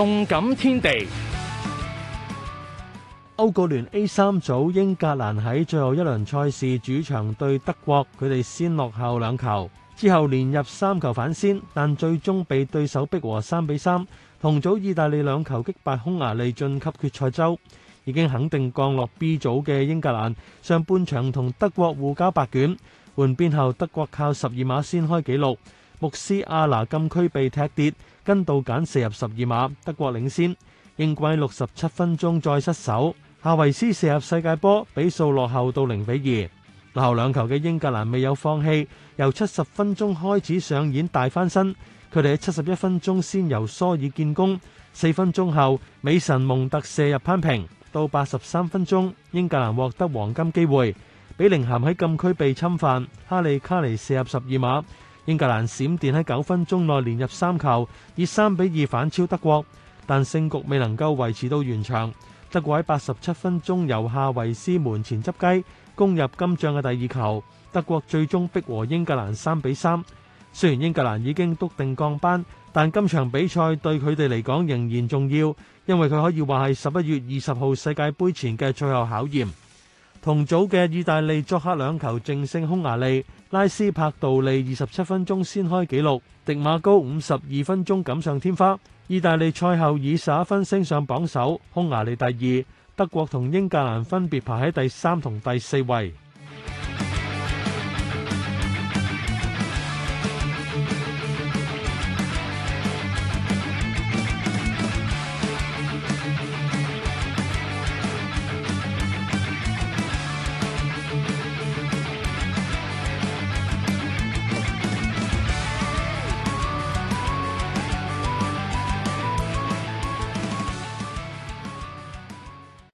動感天地。歐國聯 A 三組，英格蘭喺最後一輪賽事主場對德國，佢哋先落後兩球，之後連入三球反先，但最終被對手逼和三比三。同組意大利兩球擊敗匈牙利晉級決賽周，已經肯定降落 B 組嘅英格蘭，上半場同德國互交白卷，換邊後德國靠十二碼先開紀錄。穆斯亞拿禁區被踢跌，根度簡射入十二碼，德國領先。英軍喺六十七分鐘再失手，夏維斯射入世界波，比數落後到零比二。落後兩球嘅英格蘭未有放棄，由七十分鐘開始上演大翻身。佢哋喺七十一分鐘先由梳爾建功，四分鐘後美臣蒙特射入扳平。到八十三分鐘，英格蘭獲得黃金機會，比寧咸喺禁區被侵犯，哈利卡尼射入十二碼。英格蘭閃電喺九分鐘內連入三球，以三比二反超德國，但勝局未能夠維持到完場。德國喺八十七分鐘由夏維斯門前執雞攻入今仗嘅第二球，德國最終逼和英格蘭三比三。雖然英格蘭已經篤定降班，但今場比賽對佢哋嚟講仍然重要，因為佢可以話係十一月二十號世界盃前嘅最後考驗。同組嘅意大利作客兩球淨勝匈牙利。拉斯帕杜利二十七分鐘先開紀錄，迪馬高五十二分鐘錦上添花。意大利賽後以十一分升上榜首，匈牙利第二，德國同英格蘭分別排喺第三同第四位。